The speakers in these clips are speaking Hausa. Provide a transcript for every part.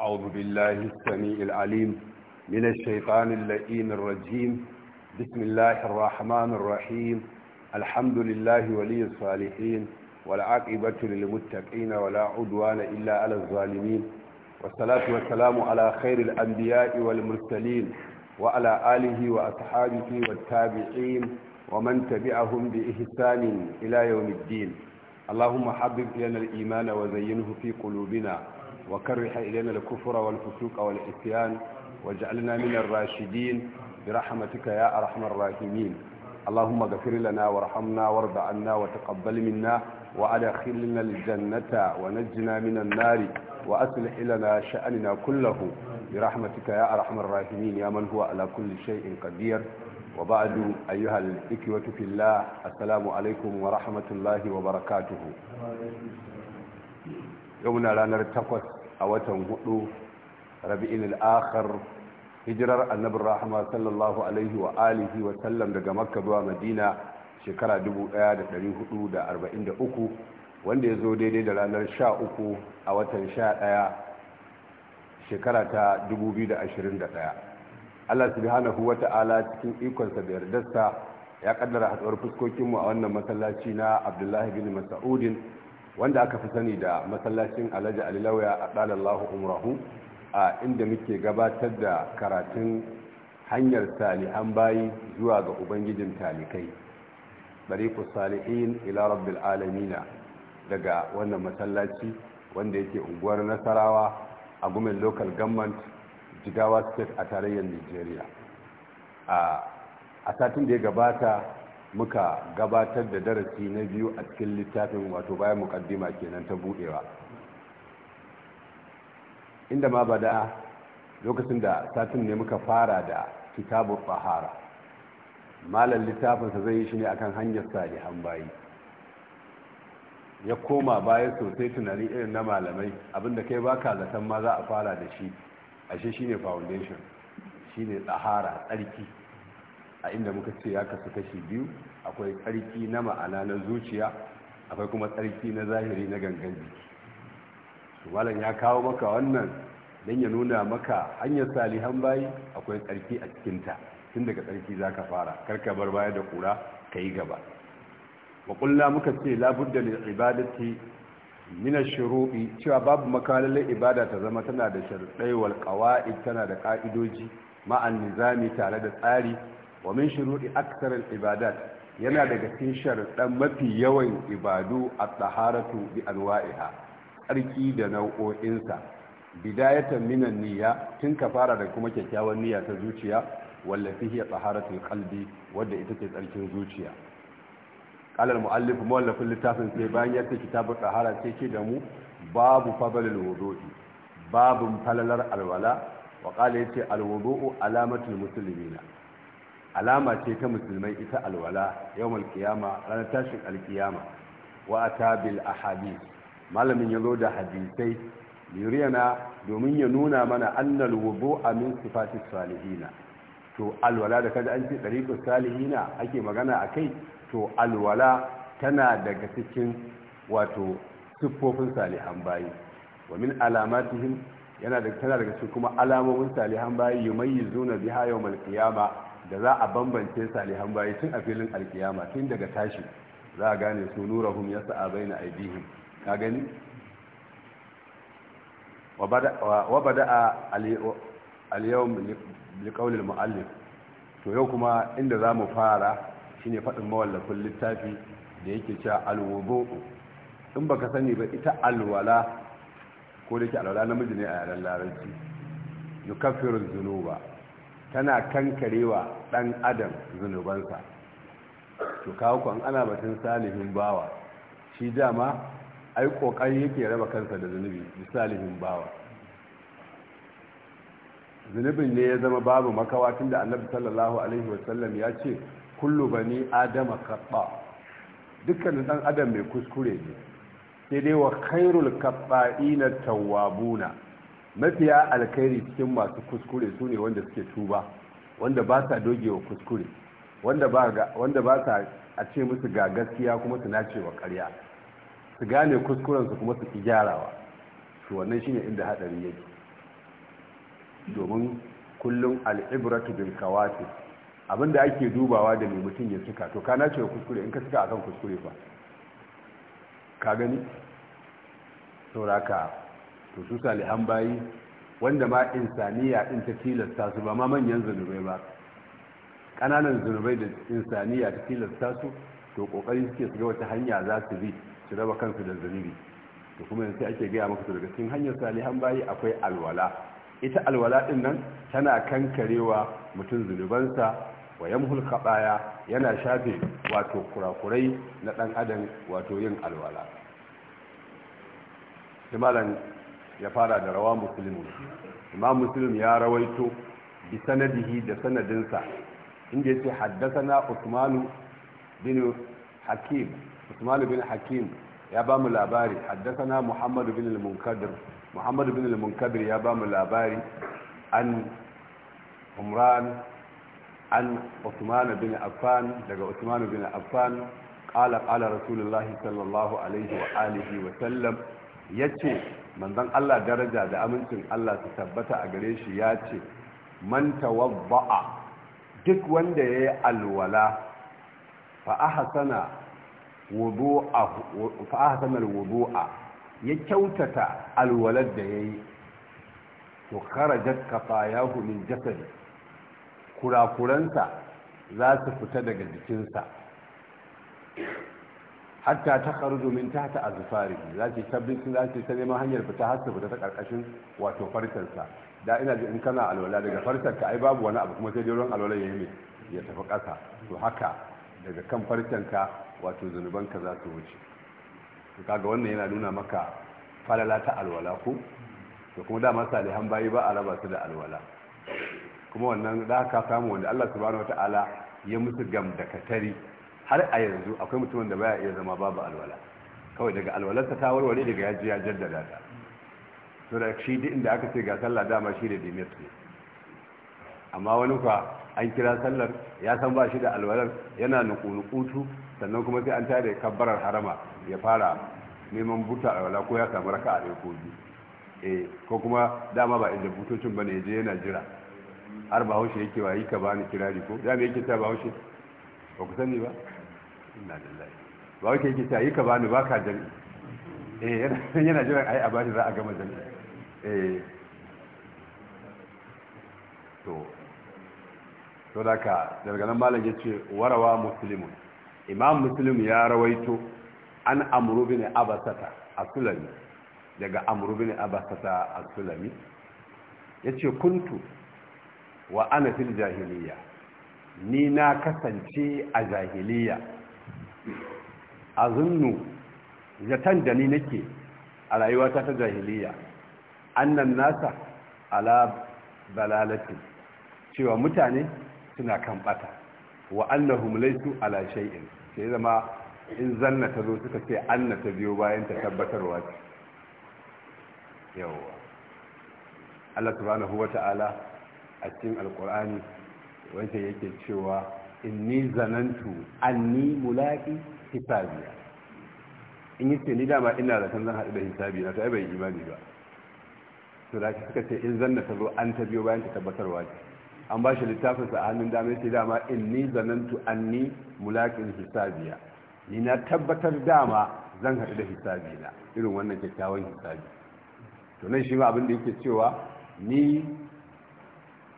أعوذ بالله السميع العليم من الشيطان اللئيم الرجيم بسم الله الرحمن الرحيم الحمد لله ولي الصالحين والعاقبة للمتقين ولا عدوان إلا على الظالمين والصلاة والسلام على خير الأنبياء والمرسلين وعلى آله وأصحابه والتابعين ومن تبعهم بإحسان إلى يوم الدين اللهم حبب إلينا الإيمان وزينه في قلوبنا وكره إلينا الكفر والفسوق والعصيان واجعلنا من الراشدين برحمتك يا أرحم الراحمين اللهم اغفر لنا وارحمنا وارض عنا وتقبل منا وأدخلنا الجنة ونجنا من النار وأصلح لنا شأننا كله برحمتك يا أرحم الراحمين يا من هو على كل شيء قدير وبعد أيها الإكوة في الله السلام عليكم ورحمة الله وبركاته يومنا لا نرتقص a watan hudu rabi'in al'akhar hijirar annabin rahama sallallahu alaihi wa alihi wa sallam daga makka zuwa madina shekara 1443 wanda ya zo daidai da ranar 13 a watan 11 shekara ta 2021 allah subhanahu wa ta'ala cikin ikonsa da yardarsa ya kaddara hatsuwar fuskokinmu a wannan masallaci na abdullahi bin mas'udin wanda aka fi sani da masallacin alhaji Lauya a ɗalallahu umrahu a inda muke gabatar da karatun hanyar salihan bayi zuwa ga ubangijin talikai bariku salihin ila rabbil alamina daga wannan masallaci wanda yake unguwar nasarawa a gumin local government jigawa state a tarayyar nigeria a satin da ya gabata muka gabatar da darasi na biyu a cikin littafin wato bayan mukaddima kenan ta budewa inda ma ba bada lokacin da satin ne muka fara da kitabun bahara malar littafinsa zai yi shi ne akan hanyar salihan bayi ya koma baya sosai tunanin irin na malamai abinda kai ba ka zaton ma za a fara da shi ashe shine foundation ne tsahara tsarki a inda muka ce ya kasu kashi biyu akwai tsarki na ma'ana na zuciya akwai kuma tsarki na zahiri na gangan jiki malam ya kawo maka wannan don ya nuna maka hanyar salihan bayi akwai tsarki a cikinta tun daga tsarki za ka fara karka bar baya da kura ka yi gaba maƙulla muka ce labudda lil ibadati mina shuruɗi cewa babu makalalar ibada ta zama tana da sharuɗai wal tana da ka'idoji ma'an nizami tare da tsari wa min shuruɗi aksarar ibadat yana daga cikin ɗan mafi yawan ibadu a tsaharatu bi anwa'iha tsarki da nau'o'insa bidayatan minan niyya tun ka fara da kuma kyakkyawan niyya ta zuciya wallafi hiya tsaharatu kalbi wadda ita ce tsarkin zuciya Ƙalar muallif mawallafin littafin sai bayan ya ce kitabul tsahara sai ke da mu babu fabalin wudu'i babun falalar alwala wa qala yace alwudu'u alamatul muslimina alama ce ta musulmai ita alwala yawmal qiyama ranar tashin alkiyama wa a ahadith malamin ya zo da hadisai liriyana domin ya nuna mana annal wudu'a min sifatis salihina to alwala da kada an ce dariqus salihina ake magana a kai to alwala tana daga cikin wato siffofin salihan bayi wa min alamatihim yana da tana daga cikin kuma alamomin salihan bayi yumayyizuna biha yawmal qiyama da za a bambance salihan bayi tun a filin alkiyama tun daga tashi za a gane su hun yasa a bai na aibihin ka gani wa a aliyawun likaunin mu'allif to yau kuma inda za mu fara shine faɗin mawallafin littafi da yake cewa alwobo in baka sani ba ita alwala ko da ke alwala namiji ne a yaren larabci yukafirin zunuba tana kankarewa ɗan adam zunubansa to kawo kwan ana batun salihin bawa shi dama ai kokari yake raba kansa da zunubi da salihin bawa zunubin ne ya zama babu makawa tunda annabi sallallahu alaihi wasallam ya ce kullu bani adama khata dukkan dan adam mai kuskure ne sai dai wa khairul khata'ina tawwabuna mafiya alkhairi cikin masu kuskure su ne wanda suke tuba wanda ba sa dogewa kuskure wanda ba sa a ce musu ga gaskiya kuma su nace wa karya su gane kuskurensu kuma su ki gyarawa su wannan shine inda hadari yake domin kullum al'ibratu bil kawati abinda ake dubawa da mai mutum ya cika to ka nace wa kuskure in ka cika akan kuskure fa ka gani sauraka to su salihan bayi wanda ma insaniya din ta tilasta su ba ma manyan zunubai ba kananan zunubai da insaniya ta tilasta su to kokari suke su ga wata hanya za su bi su raba kansu da zunubi to kuma yanzu ake gaya maka daga cikin hanyar salihan bayi akwai alwala ita alwala din nan tana kankarewa mutum zunubansa wa yamhul khabaya yana shafe wato kurakurai na dan adam wato yin alwala malam ya fara da rawa muslimun imam muslim ya rawaito bi sanadihi da sanadinsa inda yace haddathana usman bin hakim usman bin hakim ya ba mu labari haddathana muhammad bin al-munkadir muhammad bin al-munkadir ya ba mu labari an umran an usman bin affan daga usman bin affan qala qala rasulullahi sallallahu alaihi wa alihi wa sallam yace manzon Allah daraja da amincin Allah su tabbata a gare shi ya ce man tawabba'a duk wanda ya yi alwala fa ahsana wudu'a ya kyautata alwalar da yayi to kharajat ya min jasari kurakuransa za su fita daga jikinsa hatta ta kharuju min ta azfari za sabbin tabbici za ki ta neman hanyar fita har ta fita ta karkashin wato farkan sa da ina ji in kana alwala daga farkan ka ai babu wani abu kuma sai dai ruwan alwala yayi ya tafi kasa to haka daga kan farkan ka wato zunuban ka za su wuce to kaga wannan yana nuna maka falala ta alwala ko to kuma dama salihan bayi ba a raba su da alwala kuma wannan da ka samu wanda Allah subhanahu wataala ya musu gam da katari har a yanzu akwai mutumin da baya iya zama babu alwala kawai daga alwalarsa ta warware daga yaji ya jaddada ta so da shi duk inda aka ce ga sallah dama shi da dimet ne amma wani kwa an kira sallar ya san ba shi da alwalar yana nukunukutu sannan kuma sai an tare kabbarar harama ya fara neman buta alwala ko ya samu raka a ɗaya ko eh, ko kuma dama ba inda butocin ba ya je yana jira har bahaushe yake wa yi ka bani kirari ko dama yake ta bahaushe ba ku sani ba inna lillahi yi ka eh, yana jiran ai a bani za gama eh to to daga nan malam warawa imam muslim ya rawaito an amru bin abasata as-sulami daga amru bin abasata as yace kuntu wa ana fil jahiliya ni na kasance a jahiliya a zunnu zaton da ni nake a rayuwata ta jahiliya annan nasa ala balalatin cewa mutane suna kan bata wa annahum laysu ala shay'in sai zama in zanna ta zo suka ce anna ta biyo bayan ta tabbatarwa ce yawa Allah subhanahu wata'ala a cikin alqur'ani wanda yake cewa inni zanantu anni mulaki Hisabiya in yi ce ni dama ina san zan haɗu da hisabi na ta bai imani ba to da ka suka ce in zanna na zo an ta biyo bayan ta tabbatarwa ce an ba shi littafin sa a hannun dama yace dama in ni zanantu anni mulakin hisabiya ni na tabbatar dama zan haɗu da hisabi na irin wannan kyakkyawan hisabi to nan shi ma abin da yake cewa ni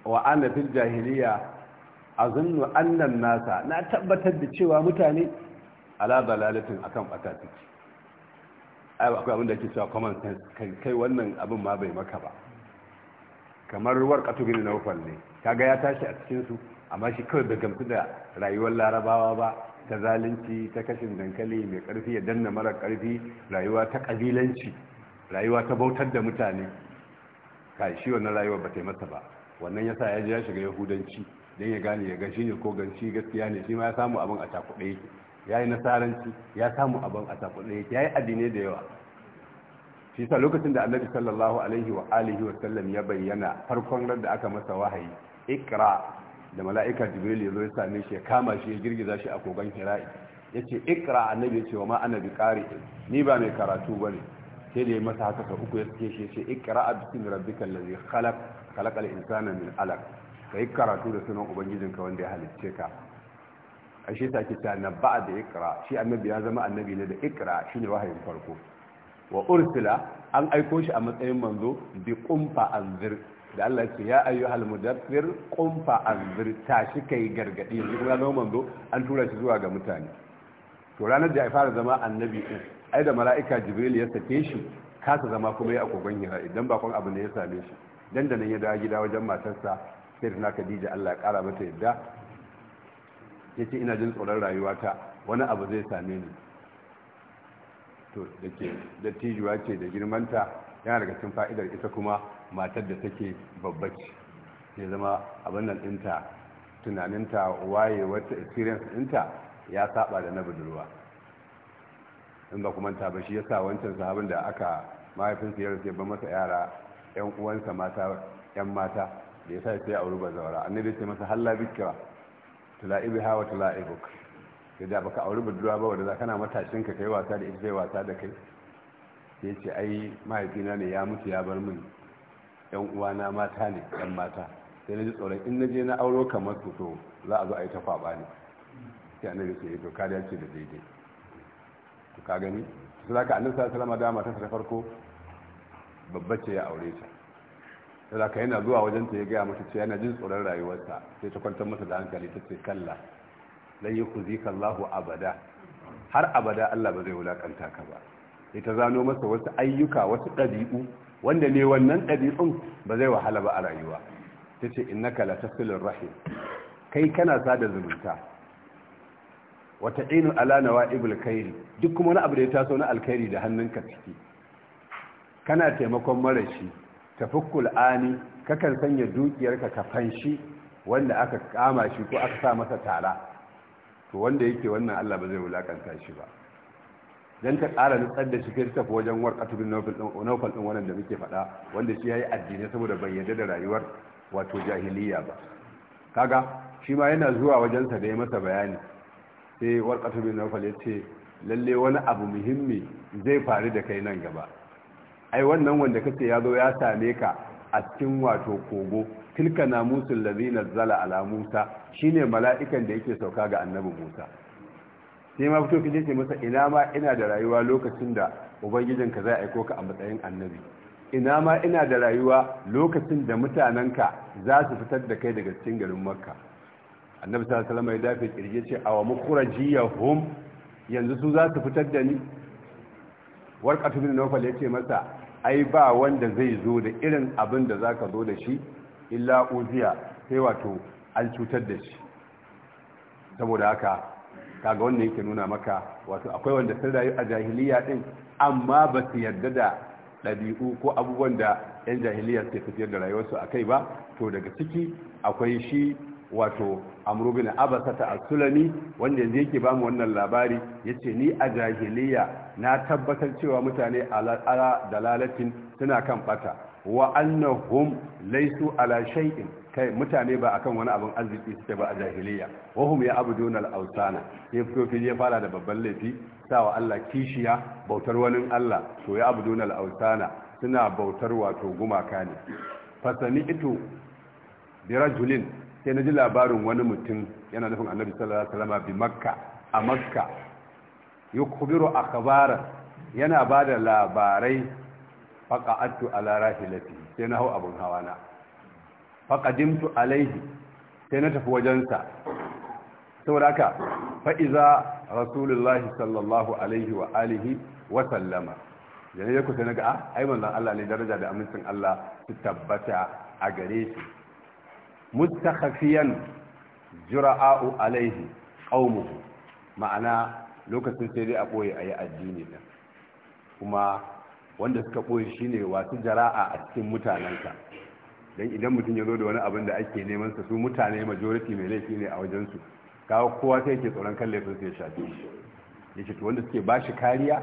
wa ana fil jahiliya azunnu annan nasa na tabbatar da cewa mutane ala balalatin akan bata take ai akwai abin da ke cewa common sense kai wannan abin ma bai maka ba kamar ruwar gini na nawfal ne kaga ya tashi a cikin su amma shi kawai bai gamsu da rayuwar larabawa ba ta zalunci ta kashin dankali mai karfi ya danna mara karfi rayuwa ta kabilanci rayuwa ta bautar da mutane Ka shi wannan rayuwar ba ta yi masa ba wannan yasa ya je ya shiga yahudanci don ya gane ya ga shi ne ko ganci gaskiya ne shi ma ya samu abin a cakuɗe yake ya yi nasaranci ya samu abin a takwada ya yi addinai da yawa shi sa lokacin da annabi sallallahu alaihi wa alihi wa sallam ya bayyana farkon da aka masa wahayi ikra da mala'ika jibril ya zo ya same shi ya kama shi ya girgiza shi a kogon hira'i ya ce ikra annabi ya ce wa ma annabi kari ni ba mai karatu ba ne sai da ya masa haka sau uku ya suke shi ya ce ikra bisin rabbikal ladhi khalaq khalaqal insana min ka yi karatu da sunan ubangijinka wanda ya halicce ka ta shi sake ta nabba'a da ikra shi annabi ya zama annabi ne da ikra shine wahayin farko wa ursula an aiko shi a matsayin manzo bi kumfa anzir da Allah ce ya ayyuhal mudaffir kumfa anzir tashi kai gargadi yanzu kuma zama manzo an tura shi zuwa ga mutane to ranar da ya fara zama annabi din ai da mala'ika jibril ya sake shi kasa zama kuma ya akogon hira idan bakon abu ne ya same shi dandanan ya dawo gida wajen matarsa sai na kadija Allah ya kara mata yadda ya ce ina jin tsoron rayuwata wani abu zai same ni to da ke dattijuwa ce da girmanta yana daga cikin fa'idar ita kuma matar da take babbaci ya zama abin nan tunaninta waye wata experience ɗinta ya saba da na budurwa in ba kuma ta ba shi sa wancan sahabin da aka mahaifinsa ya rike ba masa yara yan uwansa mata yan mata da ya sa ya sai auri ba zaura annabi ce masa halla bikira tula'ibiha wa tula'ibuk sai da baka auri budurwa ba wanda kana matashin ka kai wasa da ita wasa da kai sai ce ai mahaifina ne ya mutu ya bar min yan uwana mata ne yan mata sai na ji tsoron in na je na auro kamar su to za a zo a yi ta faɓa ne sai an annabi sai eh, to kariya ce da daidai to ka gani za ka annabi salama dama da ta farko babba ce ya aure ta ka yana zuwa wajen ta ya gaya mata ce yana jin tsoron rayuwarsa sai ta kwantar masa da hankali ta ce kalla yi kuzi Allahu abada har abada Allah ba zai wulakanta ka ba sai ta zano masa wasu ayyuka wasu ɗabi'u wanda ne wannan ɗabi'un ba zai wahala ba a rayuwa ta ce in naka la filin rahim kai kana sada zumunta wata inu ala nawaibul kairi duk kuma wani abu da ya taso na alkhairi da hannunka ciki kana taimakon marashi Tafi ani kakan sanya dukiyarka ka fanshi wanda aka kama shi ko aka sa masa tara to wanda yake wannan Allah ba zai wulakanta shi ba dan ta ƙara nutsar da shi kai ta wajen warqatu bin nawfal din nawfal din wannan da muke faɗa wanda shi yayi addini saboda bai yarda da rayuwar wato jahiliya ba kaga shi ma yana zuwa wajen sa da ya masa bayani sai warqatu bin nawfal ya ce lalle wani abu muhimmi zai faru da kai nan gaba ai wannan wanda kace ya zo ya same ka a cikin wato kogo tilka namusul ladina nazzala ala musa shine mala'ikan da yake sauka ga annabi musa sai ma fito kije ce masa ina ma ina da rayuwa lokacin da ka zai aiko ka a matsayin annabi ina ma ina da rayuwa lokacin da ka za su fitar da kai daga cikin garin makka annabi sallallahu alaihi wasallam ya dafe kirje ce awa yanzu su za su fitar da ni warqatu bin nawfal yace masa ai ba wanda zai zo da irin abin da zaka zo da shi illa uziya sai wato an cutar da shi saboda haka kaga wannan yake nuna maka wato akwai wanda sun rayu a jahiliya din amma ba su yarda da ɗabi'u ko abubuwan da 'yan jahiliya suke tafiyar da rayuwarsu a kai ba to daga ciki akwai shi wato amru bin abasata a sulami wanda yanzu yake mu wannan labari yace ni a jahiliya na tabbatar cewa mutane ala dalalatin suna kan bata wa annahum laysu ala shay'in kai mutane ba akan wani abin arziki suke ba a jahiliya wahum ya abuduna al-awsana ya fito fili ya fara da babban laifi sawa Allah kishiya bautar wani Allah to ya abuduna al-awsana suna bautar wato gumaka ne fasani ito birajulin sai na ji labarin wani mutum yana nufin annabi sallallahu alaihi wasallam bi makka a makka yukhbiru akhbara yana bada labarai faqa'atu ala rahilati sai na hau abun hawa na faqadimtu alaihi sai na tafi wajen sa saboda haka fa iza rasulullahi sallallahu alaihi wa alihi wa sallama da ne ku sai naga ah, ai manzon Allah ne daraja da amincin Allah su tabbata a gare shi mustakhafiyan jura'u alaihi qaumuhu ma'ana lokacin sai dai a boye ayi addini din kuma wanda suka boye shine wasu jara'a a cikin mutanenka dan idan mutum ya zo da wani abin da ake neman sa su mutane majority mai laifi ne a wajen su kawo kowa sai yake tsoron kan laifin sai ya shafe shi yace to wanda suke bashi kariya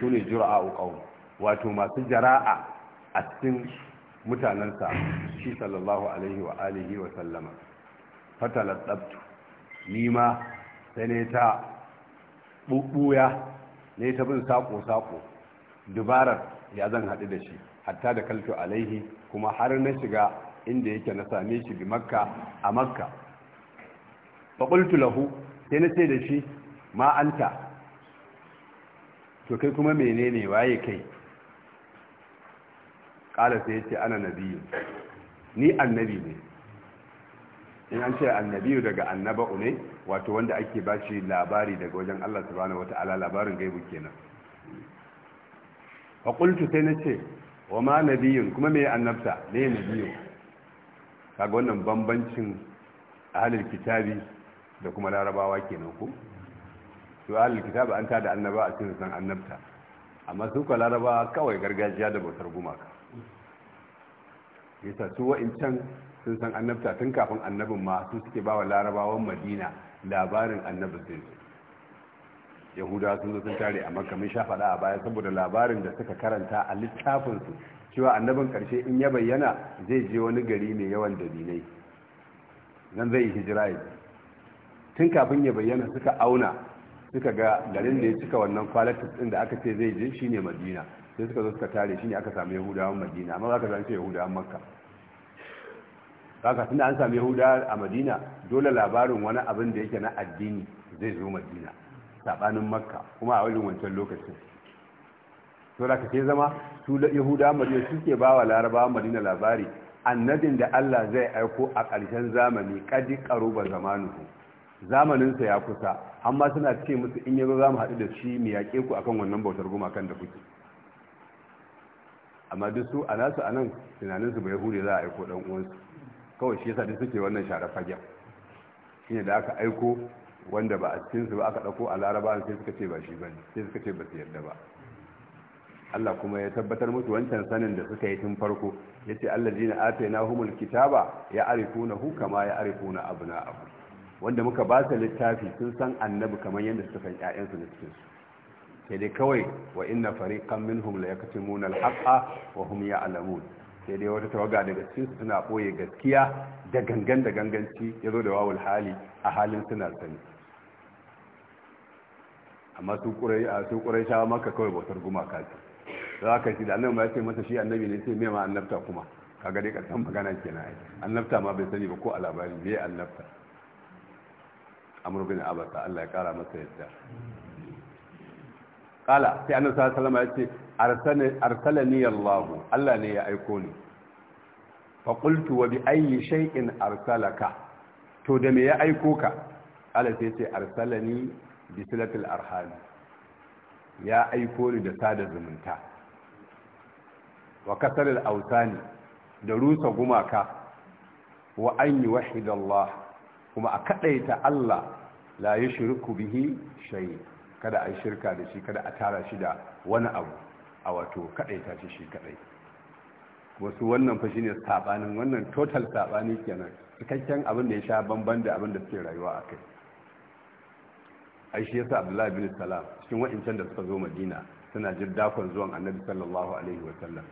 sune jura'u qaum wato masu jara'a a cikin mutanensa shi sallallahu alaihi wa alihi wa sallama fatalar tsabtu nima sai ne ta ɓuɓɓuya ne ta bin saƙo-saƙo dubarar ya zan haɗu da shi hatta da kalto alaihi kuma har na shiga inda yake na same shi bi makka a makka faƙultu lahu sai na ce da shi ma'anta to kai kuma menene waye kai ƙala sai ya ce ana nabiyu ni annabi ne in an ce annabi daga annaba ne wato wanda ake ba shi labari daga wajen allah subhanahu wata'ala labarin gaibu kenan a ƙultu sai na ce wa ma nabiyun kuma me annabta ne nabiyu kaga wannan bambancin ahalil kitabi da kuma larabawa kenan ku to ahalil kitabi an da annaba a cikin san annabta amma su ka larabawa kawai gargajiya da bautar gumaka yasa su wa'incan sun san annabta tun kafin annabin ma su suke ba wa larabawan madina labarin annabin sun yahudawa sun zo sun tare a makamin shafaɗa a baya saboda labarin da suka karanta a littafinsu cewa annabin karshe in ya bayyana zai je wani gari mai yawan dalilai nan zai yi hijira yi tun kafin ya bayyana suka auna suka ga garin da ya cika wannan kwalatis ɗin da aka ce zai je shine madina sai suka zo suka tare shi ne aka sami yahudawan madina amma za ka zance yahudawan makka ka tunda an sami yahuda a madina dole labarin wani abin da yake na addini zai zo madina sabanin makka kuma a wajen wancan lokacin to da kake zama su yahuda madina suke ba wa larabawan madina labari annadin da allah zai aiko a ƙarshen zamani kadi karuba zamanuhu zamaninsa ya kusa amma suna ce musu in yanzu za mu haɗu da shi mu yaƙe ku akan wannan bautar gumakan da kuke amma duk su a nasu a nan tunaninsu bai hure za a aiko dan uwansu kawai shi yasa duk suke wannan share fagen shine da aka aiko wanda ba a cikinsu ba aka dauko a laraba sai suka ce ba shi bane sai suka ce ba su yarda ba Allah kuma ya tabbatar musu wancan sanin da suka yi tun farko ya ce atayna humul kitaba ya hu kama ya arifuna abu wanda muka ba su littafi sun san annabi kamar yadda suka san ƴaƴansu na su sai dai kawai wa inna fariqan minhum la yaktumuna al-haqqa wa hum ya'lamun sai dai wata tawaga daga cikin suna boye gaskiya da gangan da ganganci yazo da wawul hali a halin suna sani amma su kurai a su kurai shawa maka kawai bautar gumaka ce za ka ji da annabi ma ya ce masa shi annabi ne sai me ma annabta kuma kaga dai kasan magana kenan ai annabta ma bai sani ba ko a labari bai annabta amru bin abasa Allah ya kara masa yadda kala sai annabi sallallahu alaihi wasallam ya ce arsalani Allah Allah ne ya aiko ni fa qultu wa bi ayyi shay'in arsalaka to da me ya aiko ka Allah sai ce arsalani bi silatil arham ya aiko ni da sada zumunta wa kasaril autani da rusa gumaka wa an yi wahidallah kuma a kadaita Allah la yushriku bihi shay'a kada a yi shirka da shi kada a tara shi da wani abu a wato kadaita shi shi kadai wasu wannan fa shine sabanin wannan total sabani kenan cikakken abin da ya sha bamban da abin da suke rayuwa a kai ai shi yasa abdullahi bin salam cikin wa'incan da suka zo madina suna jin dakon zuwan annabi sallallahu alaihi wa sallam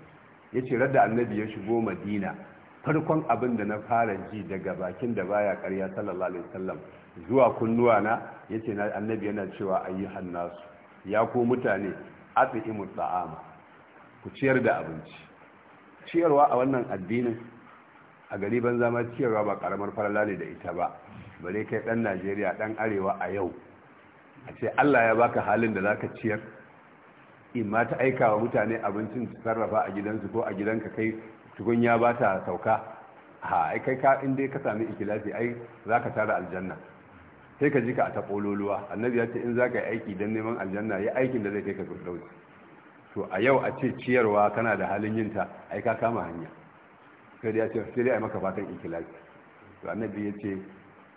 yace radda annabi ya shigo madina farkon abin da na fara ji daga bakin da baya karya, sallallahu alaihi wa sallam zuwa kunnuwa na ya na annabi yana cewa ayi nasu ya ku mutane imu ta'ama ku ciyar da abinci ciyarwa a wannan addinin a gari banza ma ciyarwa ba karamar farala ne da ita ba bare kai dan Najeriya dan arewa a yau a ce Allah ya baka halin da zaka ciyar imma ta aika wa mutane abincin su sarrafa a gidansu ko a gidanka kai tukunya ba ta sauka ha ai kai ka inda ka sami ikilasi ai zaka tara aljanna sai ka ji ka a taɓololuwa. annabi ya ce in za ka yi aiki don neman aljanna ya aikin da zai kai ka firdausi to a yau a ce ciyarwa kana da halin yinta ai ka kama hanya sai da ya ce sai dai a maka fatan ikilaki to annabi ya ce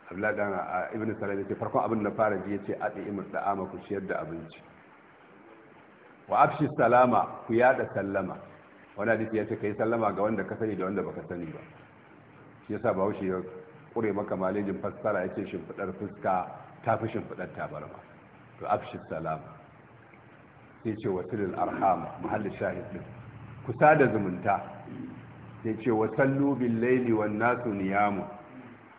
abladan ibn salam ya ce farkon abin da fara ji ya ce adi imar da'ama ku ciyar da abinci wa afshi salama ku yada sallama wani hadisi ya ce ka yi sallama ga wanda ka sani da wanda baka sani ba shi yasa bahaushe kure maka malejin fassara yake shimfidar fuska ta fi shimfidar tabarma to afshi salama sai ce wasilil arham mahalli shahid din kusa da zumunta sai ce sallu bil laili wan nasu niyamu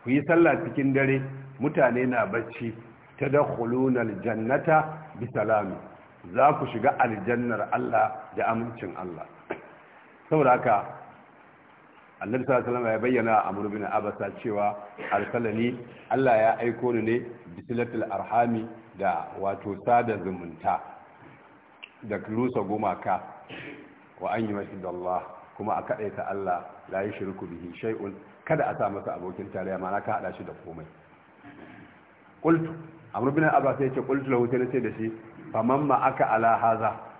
ku yi sallah cikin dare mutane na bacci tadkhuluna al jannata bi salam za ku shiga aljannar Allah da amincin Allah saboda haka annabi sallallahu ya bayyana a amru bin abasa cewa arsalani Allah ya aiko ni ne bisilatul arhami da wato sada zumunta da lusa gumaka wa an yi Allah kuma a kaɗaita Allah la yi shirku bihi shay'un kada a sa masa abokin tarayya ma ka haɗa shi da komai qultu amru bin abasa yake qultu lahu sai da shi famamma aka ala haza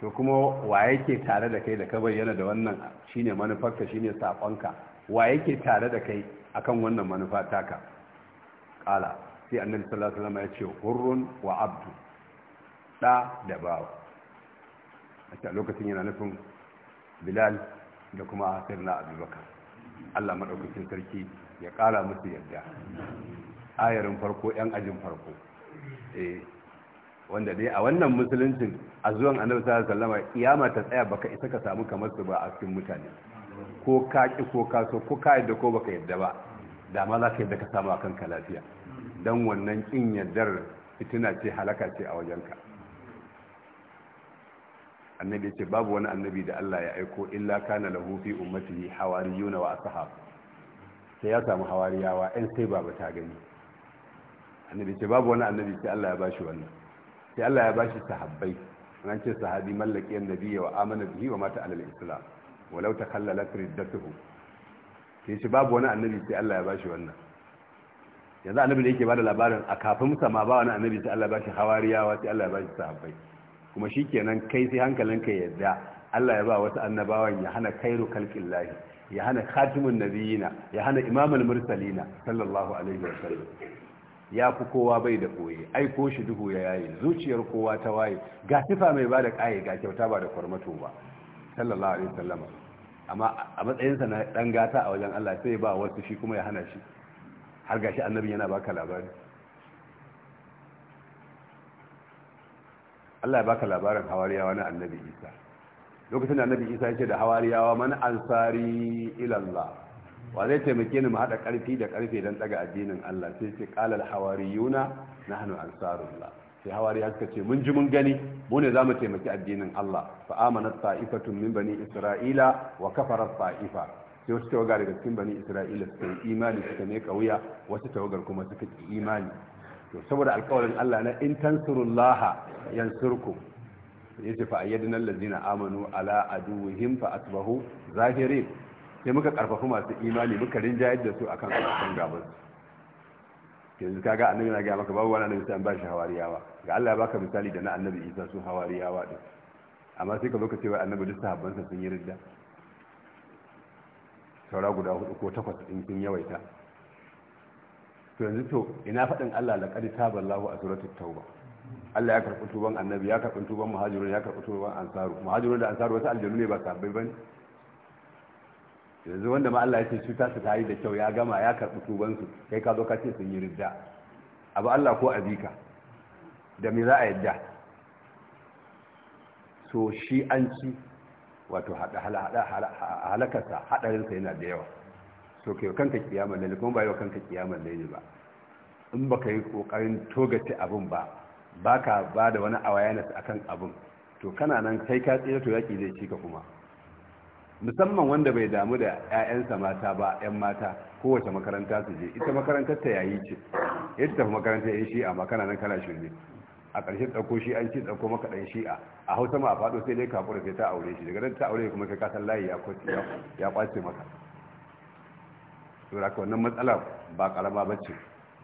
to kuma wa yake tare da kai da ka bayyana da wannan shine manufarka shine sakonka wa yake tare da kai akan wannan manufa ka? kala sai annabi sallallahu alaihi wasallam ya ce hurrun wa abdu da da bawo a lokacin yana nufin bilal da kuma sirna abubakar allah maɗaukacin sarki ya ƙara musu yadda ayarin farko 'yan ajin farko eh, wanda dai a wannan musuluncin a zuwan annabi sallallahu alaihi wasallam kiyama ta tsaya baka isa ka samu kamar su ba a cikin mutane ko ka ki ko ka so ko ka yadda ko baka yadda ba da ma za ka yadda ka samu akan ka lafiya dan wannan kin yaddar fitina ce halaka ce a wajenka annabi ce babu wani annabi da Allah ya aiko illa kana lahu fi ummatihi hawariyun wa ashab sai ya samu hawariyawa in sai babu ta gani annabi ce babu wani annabi sai Allah ya bashi wannan sai Allah ya bashi sahabbai an ce sahabi mallaki annabi wa amana bihi wa mata alal islam walau takallala riddatuhu ke shi babu wani annabi sai Allah ya bashi wannan yanzu annabi da yake bada labarin a kafin sa ma ba wani annabi sai Allah ya bashi hawariyawa sai Allah ya bashi sahabbai kuma shikenan kai sai hankalinka ya yarda Allah ya ba wasu annabawan ya hana khairu kalqillahi ya hana khatimun nabiyina ya hana imamul mursalina sallallahu alaihi wa sallam. ya fi kowa bai da koye ko shi duhu ya yayi zuciyar kowa ta waye ga sifa mai ba da ƙaye ga kyauta ba da kwarmato ba sallallahu alaihi wasallam amma a matsayinsa na dan gata a wajen Allah sai ba wasu shi kuma ya hana shi har gashi annabi yana baka labari Allah ya baka labarin hawariyawa na annabi Isa lokacin da annabi Isa yake da hawariyawa man ansari ila Allah wa zai taimake ni mu haɗa ƙarfi da ƙarfe don ɗaga addinin Allah sai ce ƙalal yuna na hannu ansarullah sai hawari suka ce mun ji mun gani mu ne za mu taimaki addinin Allah fa amanat ta'ifatun min bani isra'ila wa kafarat ta'ifa sai wasu tawaga daga cikin bani isra'ila suka yi imani suka ne kauya wasu tawagar kuma suka ki imani to saboda alƙawarin Allah na in tansurullah yansurkum yace fa ayyadna allazina amanu ala aduwwihim fa asbahu zahirin sai muka karfafi masu imani muka rinjayar da su akan kan gaban su yanzu kaga annabi na gaya maka babu wani annabi sai an bashi hawariyawa ga Allah ya baka misali da na annabi Isa su hawariyawa din amma sai ka zo ka ce annabi duk sahabbansa sun yi ridda saura guda hudu ko takwas in sun yawaita to yanzu to ina faɗin Allah la qad taballahu a suratul tauba Allah ya karɓi tuban annabi ya karɓi tuban muhajirun ya karɓi tuban ansaru muhajirun da ansaru wasu aljanu ne ba sabbai bane yanzu wanda ma Allah ya ce cuta su tayi da kyau ya gama ya karɓi tubansu kai ka zo ka ce sun yi ridda abu Allah ko azika da me za a yadda so shi an ci wato halakarsa haɗarinsa yana da yawa so kai kanka kiyamar ne kuma ba kanka kanka kiyamar ne ba in baka yi ƙoƙarin togace abun ba baka bada ba da wani awayanas akan abun to kana nan kai ka tsira to yaƙi zai ci ka kuma musamman wanda bai damu da 'ya'yansa mata ba 'yan mata kowace makaranta su je ita makarantar ta yayi ce ya tafi makarantar shi a makana nan kana ne a ƙarshen ɗauko shi an ci ɗauko maka ɗan shi a hausa ma a faɗo sai dai kafura sai ta aure shi daga nan ta aure kuma kai kasan layi ya kwace maka to wannan matsala ba ƙarama ba ce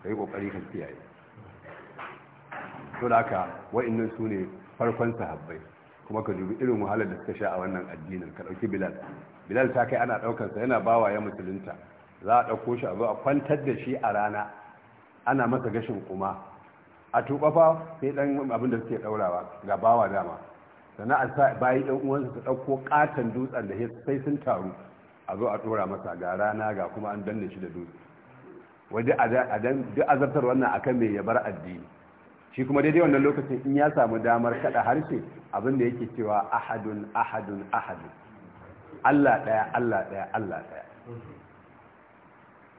ka yi ƙoƙari ka kiyaye to da haka wa'annan su ne farkon sahabbai kuma ka dubi irin wahalar da suka sha a wannan addinin ka ɗauki bilal bilal ta kai ana sa yana bawa ya musulunta za a ɗauko shi a zo a kwantar da shi a rana ana masa gashin kuma a tuba fa sai ɗan abin da suke ɗaurawa ga bawa dama sannan a sa bayi ɗan uwansa su ɗauko ƙaton dutsen da sai sun taru a zo a dora masa ga rana ga kuma an danne shi da dutse wajen a duk azartar wannan akan mai ya bar addini shi kuma daidai wannan lokacin in ya samu damar kada harshe abin da yake cewa ahadun ahadun ahadun Allah daya Allah daya Allah daya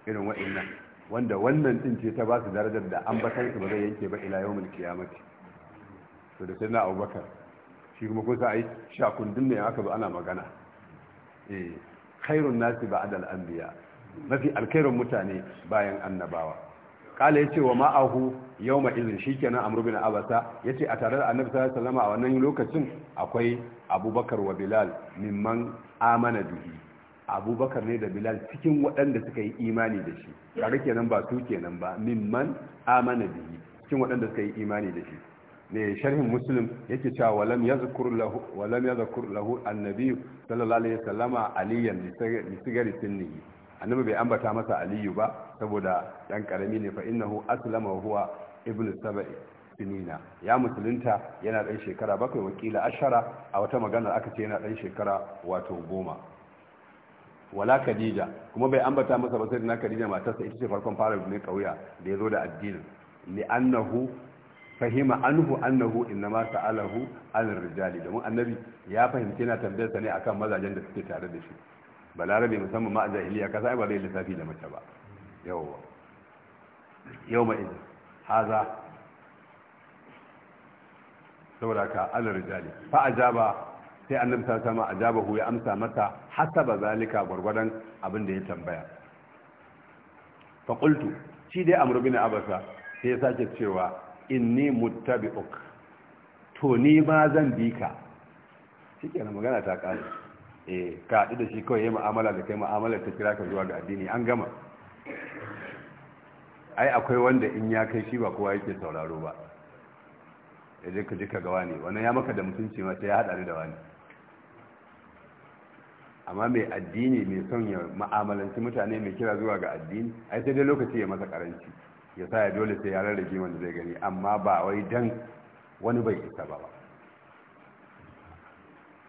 irin wa'annan wanda wannan din ce ta ba su darajar da an batar su ba zai yanke ba ila yawmul qiyamati to da sayyidina Abubakar shi kuma ko sai sha kundin ne aka zo ana magana eh khairun nasi ba'da al-anbiya mafi alkhairun mutane bayan annabawa kala ce wa ma'ahu yawma idhin shikenan amr bin abasa ya ce a tare da annabi sallallahu alaihi wasallam a wannan lokacin akwai abubakar wa bilal mimman amana bihi abubakar ne da bilal cikin waɗanda suka yi imani da shi kare kenan ba su kenan ba mimman amana bihi cikin waɗanda suka yi imani da shi ne sharhin muslim yake cewa walam ya lahu walam yadhkur lahu annabi sallallahu alaihi wasallama aliyan li sigari sinnihi annabi bai ambata masa aliyu ba saboda yan karami ne fa innahu aslama wa huwa ibnu sab'i sinina ya musulunta yana dan shekara bakwai wakila ashara a wata magana aka ce yana dan shekara wato goma wala khadija kuma bai ambata masa ba sai na khadija matarsa ita ce farkon fara ne kauya da yazo da addinin annahu fahima anhu annahu innama sa'alahu an rijali domin annabi ya fahimci yana tambayar sa ne akan mazajen da suke tare da shi balarabe musamman ma a jahiliya kasa ai ba zai lissafi da mace ba yawwa yau ma idan. haza saboda ka alar jali fa ajaba sai annabi ta sama ajabahu ya amsa mata ba zalika gwargwadon abin da ya tambaya fa qultu shi dai amru bin abasa sai ya sake cewa inni muttabi'uk to ni ma zan bi ka shikenan magana ta kare eh ka haɗu da shi kawai ya ma'amala da kai ma'amala ta kira ka zuwa ga addini an gama ai akwai wanda in ya kai shi ba kowa yake sauraro ba idan ka ji ka ga wani wannan ya maka da mutunci ma ya haɗa da wani amma mai addini mai son ya ma'amalanci mutane mai kira zuwa ga addini ai sai dai lokaci ya masa karanci ya sa ya dole sai ya rarrage wanda zai gani amma ba wai dan wani bai isa ba ba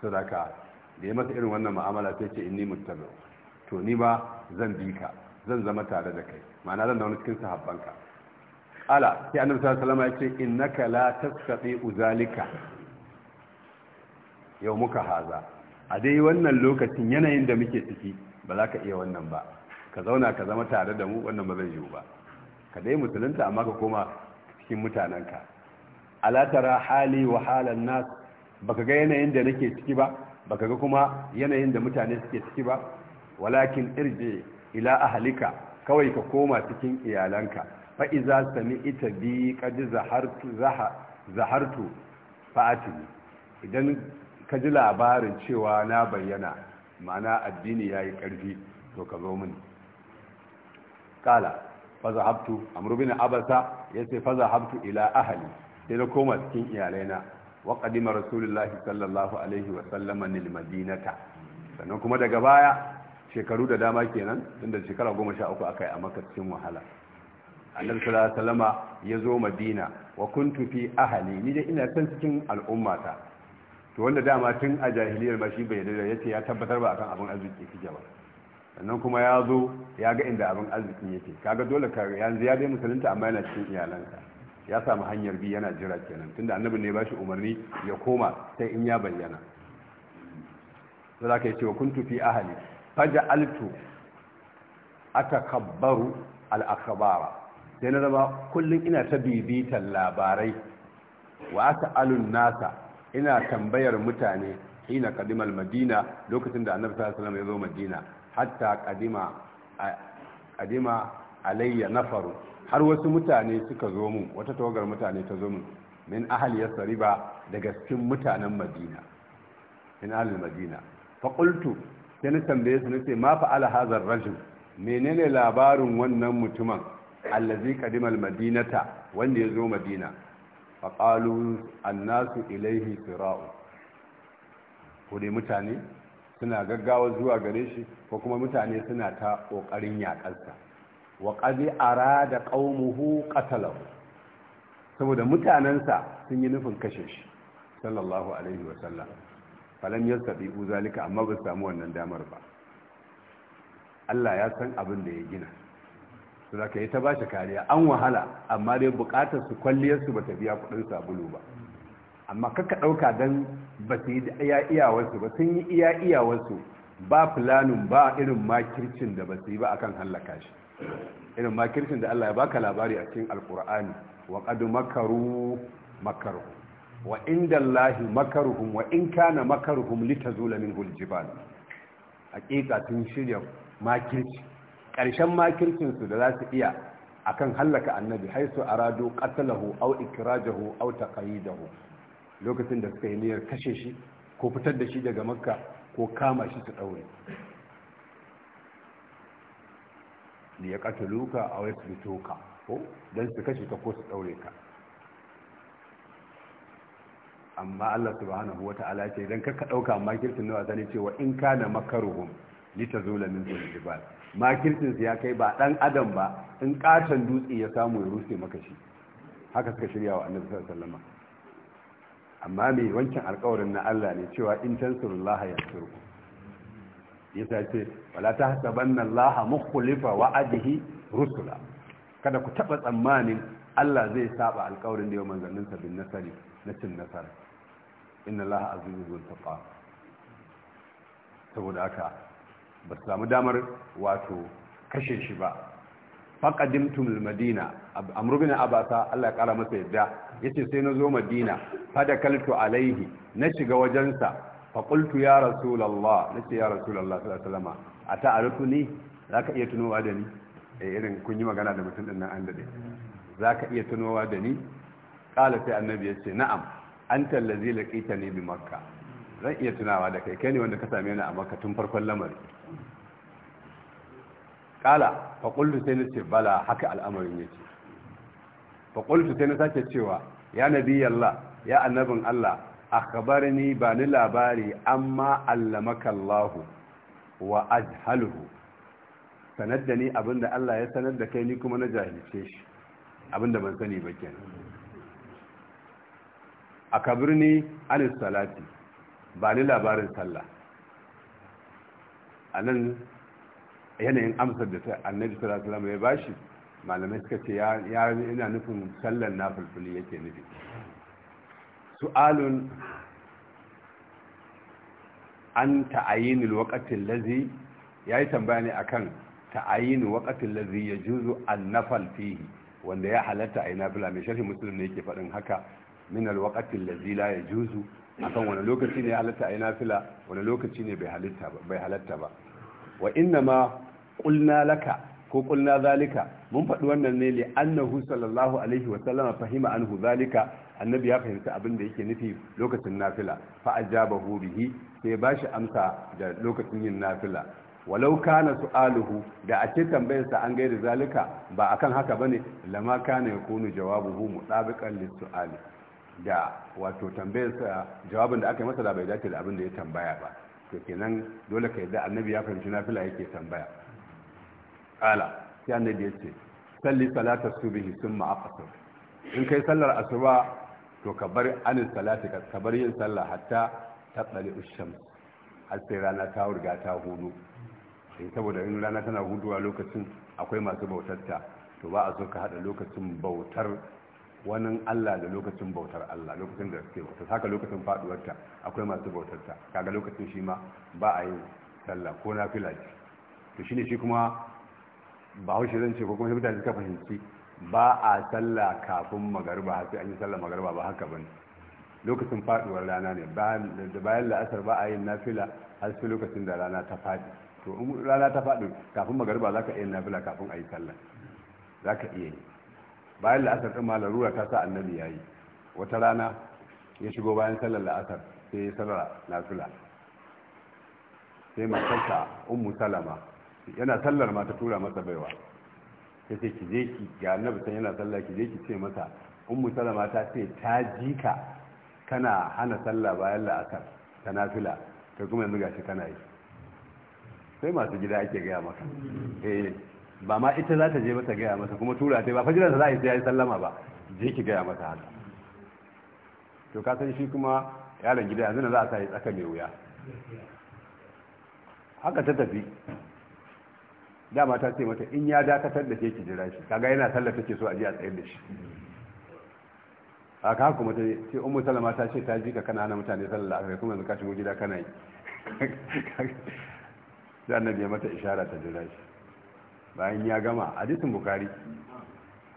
sadaka da ya masa irin wannan ma'amala ta ce inni muttabi to ni ba zan bi ka zan zama tare da kai ma'ana zan wani cikin sahabbanka ala sai annabi sallallahu alaihi wasallam ya ce innaka la tastati uzalika yau muka haza a dai wannan lokacin yanayin da muke ciki ba za ka iya wannan ba ka zauna ka zama tare da mu wannan ba zai yiwu ba ka dai musulunta amma ka koma cikin mutanenka alatara hali wa halan nas baka ga yanayin da nake ciki ba baka ga kuma yanayin da mutane suke ciki ba walakin irje ila ahlika kawai ka koma cikin iyalanka fa iza sami'ta bi qad zahartu zahartu fa'atini idan ka ji labarin cewa na bayyana ma'ana addini yayi karfi to ka zo mini kala fa zahabtu amru bin abasa yace fa zahabtu ila ahli sai na koma cikin iyalaina وقدم رسول rasulullahi sallallahu alaihi wa وسلم madinata sannan kuma daga baya shekaru da dama kenan tunda shekara goma 13 akai a makka cikin wahala annabi sallallahu alaihi wasallama zo madina wa kuntu fi ahli ni dai ina san cikin al'ummata to wanda dama tun a jahiliyar ba shi bai da yace ya tabbatar ba akan abin arziki kike ba sannan kuma ya zo ya ga inda abin arzikin yake kaga dole ka yanzu ya dai musulunta amma yana cikin iyalanka ya samu hanyar bi yana jira kenan tunda annabi ne ba shi umarni ya koma sai in ya bayyana sai zaka yi cewa kuntu fi ahli faja'altu atakabbaru al-akhbara sai na zama kullum ina ta bibitan labarai wa as'alun nasa ina tambayar mutane hina kadimal madina lokacin da annabi sallallahu alaihi wasallam ya zo madina hatta kadima kadima alayya nafaru har wasu mutane suka zo mu wata tawagar mutane ta zo mun min ahal yasriba daga cikin mutanen madina min ahal madina fa qultu sai na tambaye su nace ma fa ala hadha rajul menene labarin wannan mutumin allazi qadima madinata wanda ya zo madina fa qalu annasu ilaihi sira'u ko dai mutane suna gaggawa zuwa gare shi ko kuma mutane suna ta kokarin yaƙarsa. wa qadi arada qaumuhu qatalahu saboda mutanensa sun yi nufin kashe shi sallallahu alaihi wa sallam falam yastabi uzalika amma ba samu wannan damar ba Allah ya san abin da ya gina su zaka yi ta ba shi kariya an wahala amma dai bukatar su kwalliyar su ta biya kudin sabulu ba amma kaka ɗauka dan ba su yi iya iyawarsu ba sun yi iya iyawarsu ba fulanin ba irin makircin da ba su yi ba akan hallaka shi irin makircin da Allah ya baka labari a cikin alkur'ani wa qad makaru makaru wa inda Allah makaruhum wa in kana makaruhum litazula min hakika tun shirya makirci ƙarshen makircin su da zasu iya akan hallaka annabi haisu aradu qatalahu aw ikrajahu aw taqayidahu lokacin da suka yi niyyar kashe shi ko fitar da shi daga makka ko kama shi su daure li ya qatluka aw yasbituka ko don su kashe ka ko su daure ka amma Allah subhanahu wata'ala ce dan karka dauka makirtin nawa zane cewa in kana makaruhum zola min jibal makirtin su ya kai ba dan adam ba in katon dutse ya samu ya ruse makashi. haka suka shirya wa annabi sa amma mai wancan alƙawarin na Allah ne cewa in tansurullah yansurku yasa ce wala tahsabanna allaha mukhlifa wa'adihi rusula kada ku taba tsammanin Allah zai saba alƙawarin da ya manzannin sa bin nasari na cin nasara inna allaha azizun taqa saboda haka ba su samu damar wato kashe shi ba faƙadimtum madina amru bin abasa Allah ya kara masa yadda yace sai na zo madina kaltu alaihi na shiga wajensa faƙultu ya rasulallah na ce ya rasulallah salama a ta'arifu ne za ka iya tunowa da ni a eh, irin kun yi magana da mutum ɗin nan an dade za ka iya tunowa da ni ƙala sai annabi ya ce na'am an tallazi laƙita ne bi makka zan iya tunawa da kai kai ne wanda ka same ni a makka tun farkon lamari ƙala faƙultu sai na ce bala haka al'amarin ya ce faƙultu sai na sake cewa ya nabi yalla ya annabin allah akhbarni ba ni labari amma allamaka Allah wa ajhaluhu sanar da ni abinda Allah ya sanar da kai ni kuma na jahilce shi abinda ban sani ba kenan akabirni anis salati ba ni labarin sallah a nan yanayin amsar da annabi sallallahu alaihi wasallam ya bashi malamai suka ce ya ina nufin sallar nafilfili yake nufi su'alun an ta'ayinul waqatil ladhi yayi tambaya ne akan ta'ayinul waqatil ladhi yajuzu an-nafal fihi wanda ya halatta a nafila mai sharhi muslim ne yake faɗin haka min al-waqatil ladhi la yajuzu akan wani lokaci ne ya halatta a fila. wani lokaci ne bai halatta ba bai halatta ba wa inna ma qulna laka ko qulna zalika mun faɗi wannan ne li annahu sallallahu alaihi wa sallama fahima anhu zalika annabi ya fahimci abin da yake nufi lokacin nafila fa ajabahu bihi sai ba shi amsa da lokacin yin nafila walau kana su'aluhu da ake ce tambayarsa an gaida zalika ba akan haka bane lama kana yakunu jawabuhu mutabiqan lis-su'ali da wato tambayarsa jawabin da aka yi masa da bai dace da abin da ya tambaya ba to kenan dole ka yadda annabi ya fahimci nafila yake tambaya qala sai annabi ya ce salli salata subhi thumma aqsir in kai sallar asuba to ka bar anin salati ka bar yin sallah hatta tabbali ushams har sai rana ta riga ta hudu sai saboda in rana tana huduwa lokacin akwai masu ta to ba a so ka hada lokacin bautar wani Allah da lokacin bautar Allah lokacin da suke bautar haka lokacin ta akwai masu ta kaga lokacin shi ma ba a yin sallah ko na filaci to shine shi kuma ba haushe zan ce ko kuma mutane suka fahimci ba a salla kafin magarba sai an yi salla magarba ba haka ne lokacin faduwar rana ne da bayan la'asar ba a yin nafila har sai lokacin da rana ta fadi to in rana ta fadi kafin magarba ka iya nafila kafin a yi za ka iya yi bayan la'asar ɗin ma larura ta sa annabi ya yi wata rana ya shigo bayan sallar la'asar sai ya sallar nafila sai matarsa ummu salama yana sallar ma ta tura masa baiwa ta ce ki je ki ga annabi sai yana sallah ki je ki ce masa ummu salama ta ce ta ji ka kana hana sallah bayan la'asar ta nafila kai kuma yanzu gashi kana yi sai masu gida ake gaya maka eh ba ma ita za ta je mata gaya masa kuma tura ta ba fajiran za a yi sai ya yi sallama ba je ki gaya mata haka to ka san shi kuma yaron gida yanzu za a sa yi tsaka mai wuya haka ta tafi dama ta ce mata in ya dakatar da ke ki jira shi kaga yana sallah ke so a ji a tsayar da shi haka kuma ta ce umar salama ta ce ta ji ka kana hana mutane sallah akai kuma yanzu ka shigo gida kana yi sai annabi ya mata ishara ta jira shi bayan ya gama hadisin bukari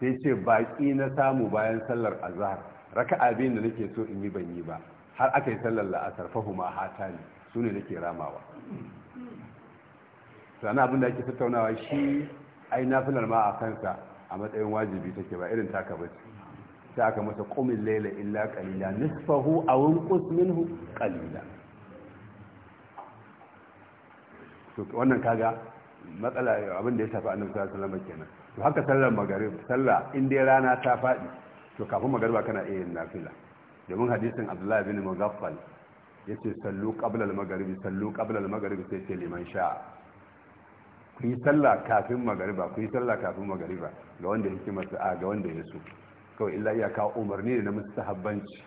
sai ce baki na samu bayan sallar azhar raka'a abin da nake so in yi ban yi ba har aka yi sallar la'asar fahuma hatani su ne nake ramawa sana abin da ake tattaunawa shi ai nafilar ma a kansa a matsayin wajibi take ba irin taka ba ce sai aka masa qumin laila illa kalila nisfahu aw unqus minhu kalila. to wannan kaga matsala abin da ya shafi annabi sallallahu alaihi wasallam kenan to haka sallar magrib sallah in dai rana ta fadi to kafin magariba kana iya yin nafila domin hadisin abdullahi bin mughaffal yace sallu qabla al maghrib sallu qabla al maghrib sai ce liman sha'a ku yi sallah kafin magariba ku yi sallah kafin magariba ga wanda hikimar a ga wanda ya so kawai illa kawo umarni ne na mustahabbanci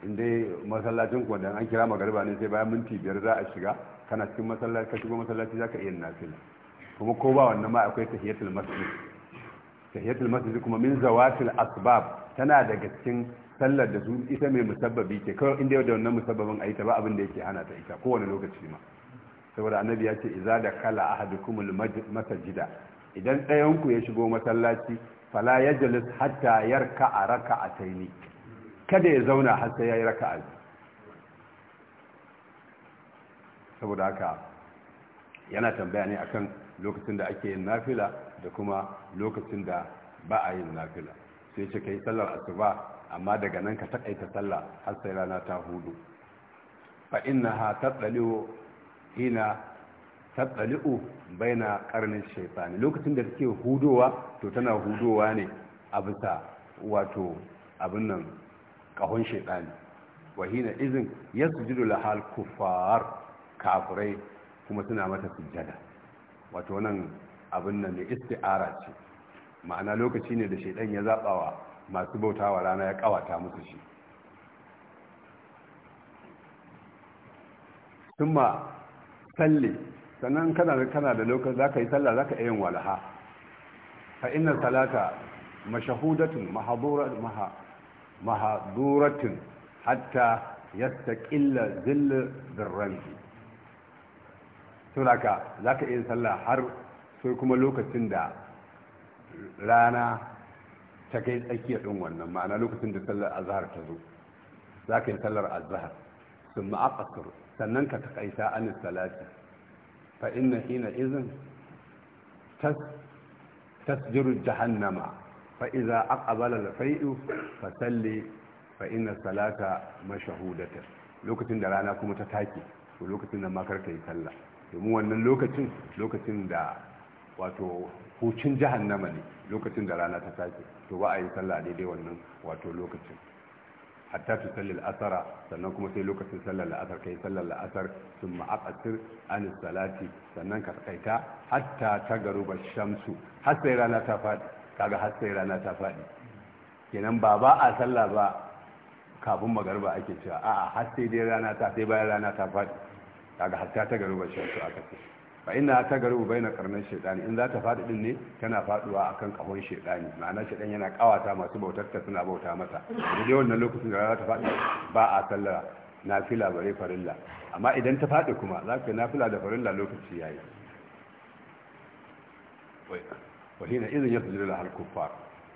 inda masallacin ku wanda an kira magariba ne sai bayan minti biyar za a shiga kana cikin masallaci ka shigo masallaci za ka iya nafila kuma ko ba wannan ma akwai tahiyatul masjid tahiyatul masjid kuma min zawatil asbab tana daga cikin sallar da su ita mai musabbabi ke kawai inda yau da wannan musabbabin a yi ta ba abin da yake hana ta ita kowane lokaci ma saboda annabi ya ce iza da kala ahadukumul masajida idan ɗayanku ku ya shigo masallaci fala yajlis hatta yarka a taini kada ya zauna har sai a raka'a saboda haka yana tambaya ne akan lokacin da ake yin nafila da kuma lokacin da ba a yin nafila sai ce yi sallar asuba amma daga nan ka taƙaita sallah har sai rana ta hudu fa innaha tattaliu hina tattali'u baina karnin shaitani lokacin da take hudowa to tana hudowa ne a bisa wato abin nan kahon shaitani wa hina izin yasjudu lahal kuffar kafirai kuma suna mata sujjada wato wannan abin nan da isti'ara ce ma'ana lokaci ne da shaidan ya zabawa masu bautawa rana ya ƙawata musu shi salli sannan kana da kana da lokaci zaka yi sallah zaka yin walaha fa inna salata mashhudatun mahduratun maha mahduratun hatta yastaqilla zill dirranji to zaka zaka yin sallah har sai kuma lokacin da rana ta kai tsakiyar din wannan ma'ana lokacin da sallar azhar ta zo za ka yi sallar azhar thumma aqsir sannan ka takaita anis salati fa inna hina izin tasjiru jahannama fa iza aqbala al-fai'u fa salli fa inna salata mashhudatan lokacin da rana kuma ta take to lokacin da ma karka yi sallah domin wannan lokacin lokacin da wato hucin jahannama ne lokacin da rana ta take to ba a yi sallah daidai wannan wato lokacin hatta tu sallil asara sannan kuma sai lokacin sallar la'asar kai sallar la'asar sun ma'aƙasir anis salati sannan ka kaita hatta ta garuba shamsu har sai rana ta faɗi kaga har sai rana ta faɗi kenan ba ba a sallah ba kafin magarba ake cewa a'a har sai dai rana ta sai bayan rana ta faɗi kaga hatta ta garuba shamsu aka ce fa ina ta bai na karnan shaidani in za ta fadi din ne tana faduwa akan kahon shaidani ma'ana shaidan yana kawata masu bautar ta suna bauta masa dai wannan lokacin da za ta fadi ba a sallah nafila bare farilla amma idan ta fadi kuma za ka nafila da farilla lokaci yayi wa hina idan yasjudu lahal kuffar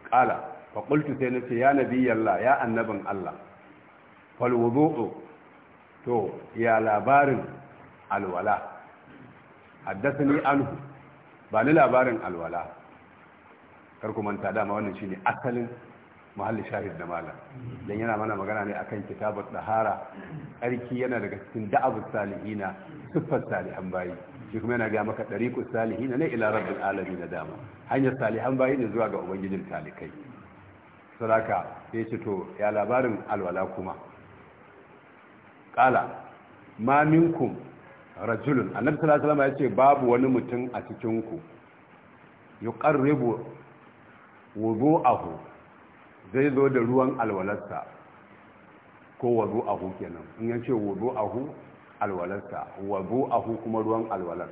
qala faƙultu sai na ce ya nabi yalla ya annabin Allah falwudu'u to ya labarin alwala haddasani anhu ba ni labarin alwala kar ku manta dama wannan shine asalin mahalli shahid da malam dan yana mana magana ne akan kitabar dahara ƙarki yana daga cikin da'abus salihina siffar salihan bayi shi kuma yana gaya maka dariqus salihina ne ila rabbil alamin da dama hanyar salihan bayi ne zuwa ga ubangijin talikai saraka ya ce to ya labarin alwala kuma qala ma minkum rajulun annabi sallallahu alaihi wasallam yace babu wani mutum a cikin ku yuqarribu wudu'ahu zai zo da ruwan alwalarsa ko wudu'ahu kenan in yace wudu'ahu alwalarsa wudu'ahu kuma ruwan alwalar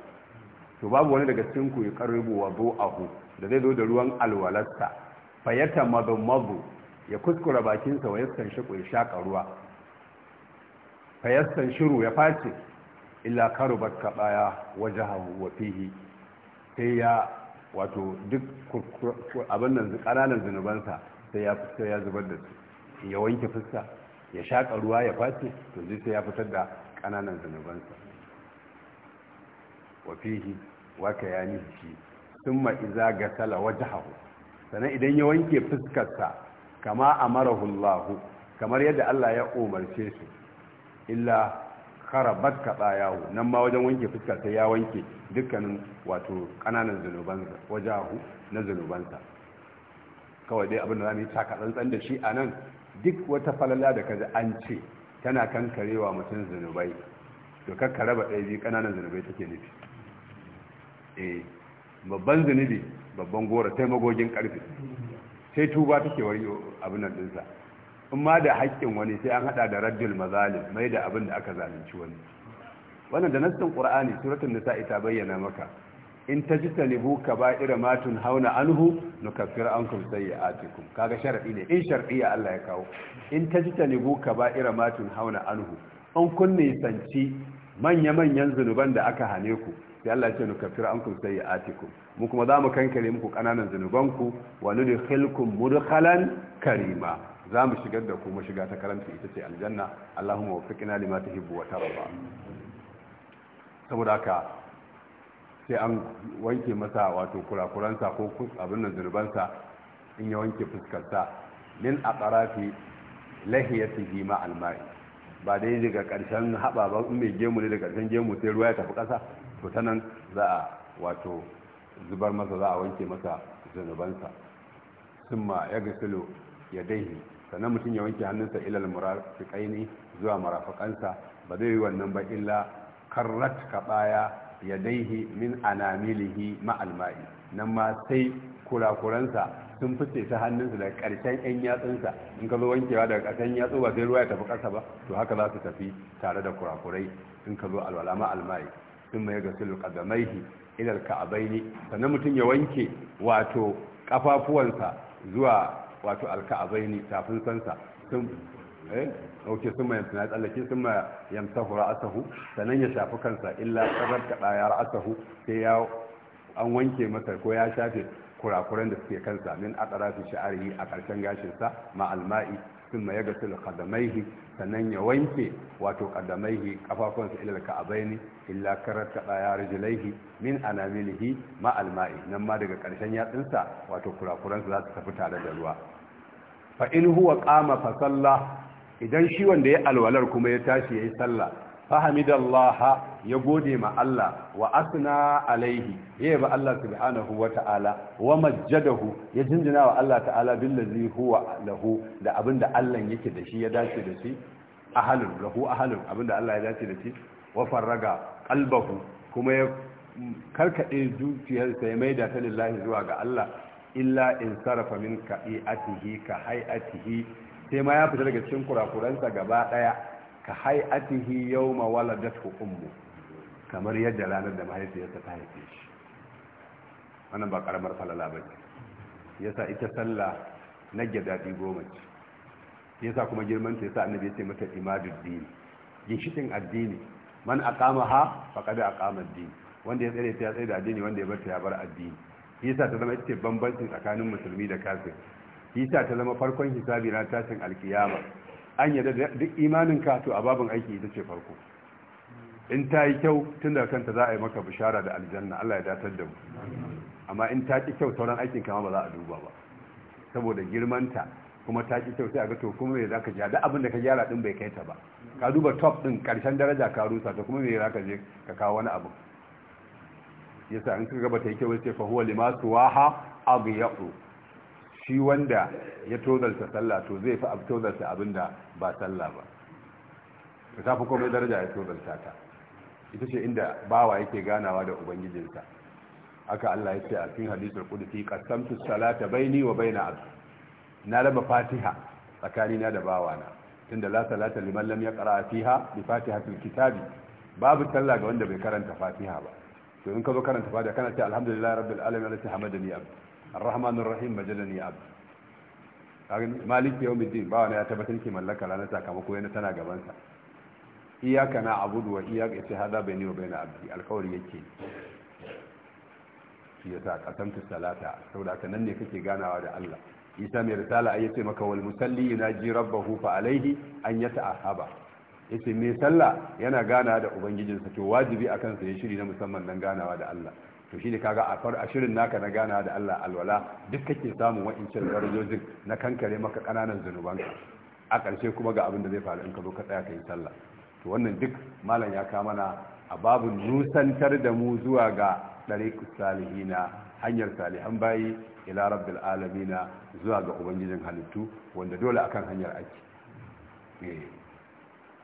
to babu wani daga cikin ku yuqarribu wudu'ahu da zai zo da ruwan alwalarsa fayata madmabu ya kuskura bakinsa wa yaskan shi ko ya shaka ruwa san shiru ya face illa karubat kabaya wajahahu wa fihi sai ya wato duk abin nan kananan zunubansa sai ya sai ya zubar da su ya wanke fuska ya shaka ruwa ya face to zai sai ya fitar da kananan zunubansa wa fihi wa kayani shi thumma idza gasala wajahahu sannan idan ya wanke fuskarsa kama amarahu hullahu, kamar yadda Allah ya umarce su illa kharabat kaɗa yawo nan ma wajen wanke fuskar sai ya wanke dukkanin wato ƙananan zunubansa wajahu na zunubansa kawai dai abin da za mu yi takatsantsan da shi a nan duk wata falala da kaji an ce tana kankarewa mutum zunubai to kakka raba ɗaya biyu ƙananan zunubai take nufi eh babban zunubi babban gora sai magogin ƙarfi sai tuba take wari abin nan ɗinsa in ma da haƙƙin wani sai an haɗa da raddul mazalim mai da abin da aka zalunci wani wannan da nassin qur'ani suratul nisa ta bayyana maka in tajtanibu kaba'ira ma tunhauna anhu nukaffir ankum sayyi'atikum kaga sharadi ne in shar'iyya Allah ya kawo in ba ira matun hauna anhu an kunne sanci manya manyan zanuban da aka hane ku sai Allah ya ce nukaffir ankum sayyi'atikum mu kuma zamu kankare muku kananan zanubanku wa nudkhilkum mudkhalan karima za mu shigar da kuma shiga ta karanta ita ce aljanna allahumma wafiqina lima tuhibbu wa tarda saboda haka sai an wanke masa wato kurakuransa ko abin nan zurbansa in ya wanke fuskarsa min aqrafi lahiyatihi ma alma'i ba dai daga karshen haba ba in mai gemu ne daga karshen gemu sai ruwa ya tafi ƙasa to ta nan za a wato zubar masa za a wanke masa zunubansa summa ya gasilo ya daihi sannan mutum ya wanke hannunsa ilal ne zuwa marafakansa ba zai yi wannan ba illa karrat ya daihi min anamilihi ma'alma'i nan ma sai kurakuransa sun fice ta hannunsa daga ƙarshen 'yan yatsunsa in ka zo wankewa daga ƙarshen yatsu ba sai ruwa ya tafi ƙasa ba to haka za su tafi tare da kurakurai in ka zo alwala ma'alma'i ma'i sun mai gasilu ƙadamaihi ilal ka'abaini sannan mutum ya wanke wato ƙafafuwansa zuwa wato alka'abai ne tafin sansa sun eh sun ma yamsa tsallake sun ma yamsa ra'asahu sanan ya shafi kansa illa sabar ka ra'asahu sai ya an wanke masa ko ya shafe kurakuran da suke kansa min a tsarafi sha'ari a ƙarshen gashinsa ma alma'i sun ma ya ga da kadamaihi sannan ya wanke wato kadamaihi kafafunsa ilal ka'abaini illa karat kada ya rijlaihi min anamilihi ma alma'i nan ma daga ƙarshen yatsinsa wato kurakuransa za su tafi tare da ruwa fa in huwa qama fa salla idan shi wanda ya alwalar kuma ya tashi ya yi sallah fahamidallaha ya gode ma Allah wa asna alaihi ya ba Allah subhanahu wa ta'ala wa majjadahu ya jinjina wa Allah ta'ala billazi huwa lahu da abinda Allah yake da shi ya dace da shi ahalin lahu ahalun abinda Allah ya dace da shi wa farraga kalbahu kuma ya karkaɗe zuciyarsa ya da ta lillahi zuwa ga Allah illa in sarafa min ka'iatihi ka atihi sai ma ya fita daga cikin kurakuransa gaba ɗaya. ka hay'atihi yawma waladatu ummu kamar yadda ranar da mahaifiyarsa ta haife shi wannan ba karamar falala ba ce yasa ita sallah na gyadaɗi goma ce yasa kuma girman ta yasa annabi ya ce mata imadud ginshitin addini man aqama ha faqad a ad-din wanda ya tsare ta ya tsare da addini wanda ya bar ta ya bar addini yasa ta zama ita bambancin tsakanin musulmi da kafir yasa ta zama farkon hisabi na tashin alkiyama an yarda da duk imanin ka to a babin aiki ita ce farko in ta yi kyau tun daga kanta za a yi maka bishara da aljanna Allah ya datar da mu amma in ta ki kyau sauran aikin kama ba za a duba ba saboda girmanta kuma ta ki kyau sai a ga to kuma me zaka ja da abin da ka gyara din bai kai ta ba ka duba top din karshen daraja ka rusa ta kuma me zaka je ka kawo wani abu yasa in kaga ba ta yi kyau sai fa huwa limasu waha aghyu shi wanda ya tozarta sallah to zai fi abu tozarta abinda ba sallah ba ta tafi komai daraja ya tozarta ta ita ce inda bawa yake ganawa da ubangijinsa aka Allah ya ce a cikin hadisul qudsi qasamtu salata baini wa baina abdi na raba fatiha tsakanina da bawa na tunda la salata liman lam yaqra fiha bi fatihatil kitabi babu sallah ga wanda bai karanta fatiha ba to in ka zo karanta fatiha kana ce alhamdulillahi rabbil alamin hamadani abdi ar-rahmanur rahim majalani malik yawmiddin ba wani ya tabbatar ki mallaka ranar sakamako yana tana gaban sa iyyaka abudu wa iyyaka istihada bayni wa bayna abdi alqawli yake shi yasa qasamtu salata saboda haka nan ne kake ganawa da Allah isa mai risala ya ce maka wal musalli ji rabbahu fa alaihi an ahaba yace mai sallah yana ganawa da ubangijinsa to wajibi akan sa ya shiri na musamman dan ganawa da Allah to shi ne kaga a far ashirin naka na gana da Allah alwala duk kake samun wa'incin darajojin na kankare maka kananan zunubanka a ƙarshe kuma ga abin da zai faru in ka zo ka tsaya ka yi sallah to wannan duk malam ya kama na a babu nusantar da mu zuwa ga ɗariƙus salihina hanyar salihan bayi ila rabbil alamina zuwa ga ubangijin halittu wanda dole akan hanyar aiki eh,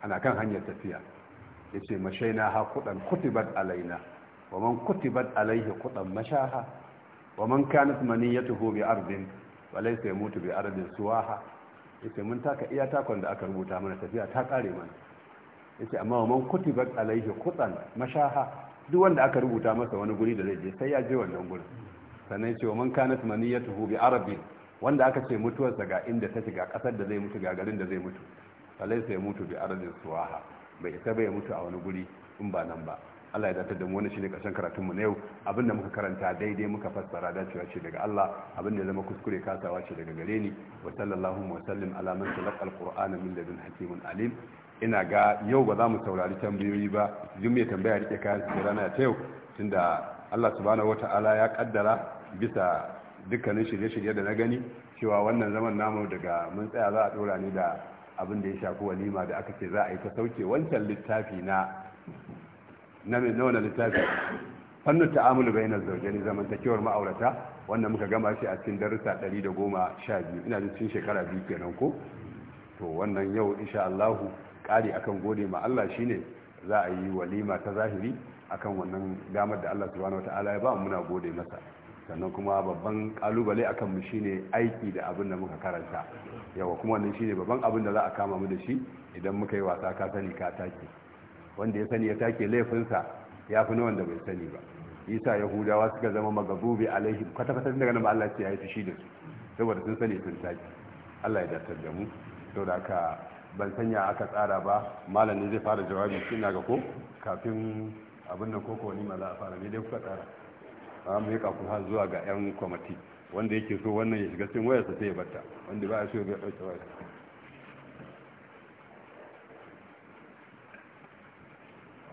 ana kan hanyar tafiya yace mashaina ha kudan kutibat alaina ومن كتبت عليه قطا مشاها ومن كانت منيته بأرض وليس يموت بأرض سواها yace mun taka iya takon da aka rubuta mana tafiya ta kare mana yace amma man kutibat alaihi qutan mashaha duk wanda aka rubuta masa wani guri da zai je sai ya je wannan gurin sannan yace man kanat maniyatuhu bi arabi wanda aka ce mutuwarsa ga inda ta shiga kasar da zai mutu ga garin da zai mutu alai sai mutu bi aradin suwaha bai isa bai mutu a wani guri in ba nan ba Allah ya datar da mu wannan shine karshen karatun mu na yau abin da muka karanta daidai muka fassara dacewa ce daga Allah abin da zama kuskure kasawa ce daga gare ni wa sallallahu wa sallim ala man talaqa alquran min ladun hakimun alim ina ga yau ba za mu saurari tambayoyi ba jumiya tambaya rike kayan su rana ta yau tunda Allah subhanahu wata'ala ya kaddara bisa dukkanin shirye-shirye da na gani cewa wannan zaman namu daga mun tsaya za a dora ne da abin da ya shafi walima da aka ce za a yi ta sauke wancan littafi na na mai nuna littafi fannin ta'amulu bai na zaune zamantakewar ma'aurata wanda muka gama shi a cikin darussa 112 ina da cikin shekara biyu kenan ko to wannan yau insha Allah kari akan gode ma Allah shine za a yi walima ta zahiri akan wannan damar da Allah subhanahu wataala ya ba mu muna gode masa sannan kuma babban kalubale akan mu shine aiki da abin da muka karanta yawa kuma wannan shine babban abin da za a kama mu da shi idan muka yi wasa ka sani ka take wanda ya sani ya take laifinsa ya fi na wanda bai sani ba isa yahudawa suka zama magabubi alaihi kwata kwata daga nan Allah ce ya yi fushi da su saboda sun sani sun take Allah ya dace da mu da ka ban sanya aka tsara ba malami zai fara jawabi shi na ga ko kafin abin da koko ni mala fara ne dai kuka tsara ba mu yi kafin har zuwa ga yan kwamati wanda yake so wannan ya shiga cikin wayarsa sai ya batta wanda ba ya so ya ɗauke wayarsa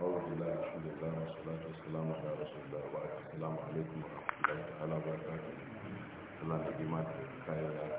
da a kaya Allah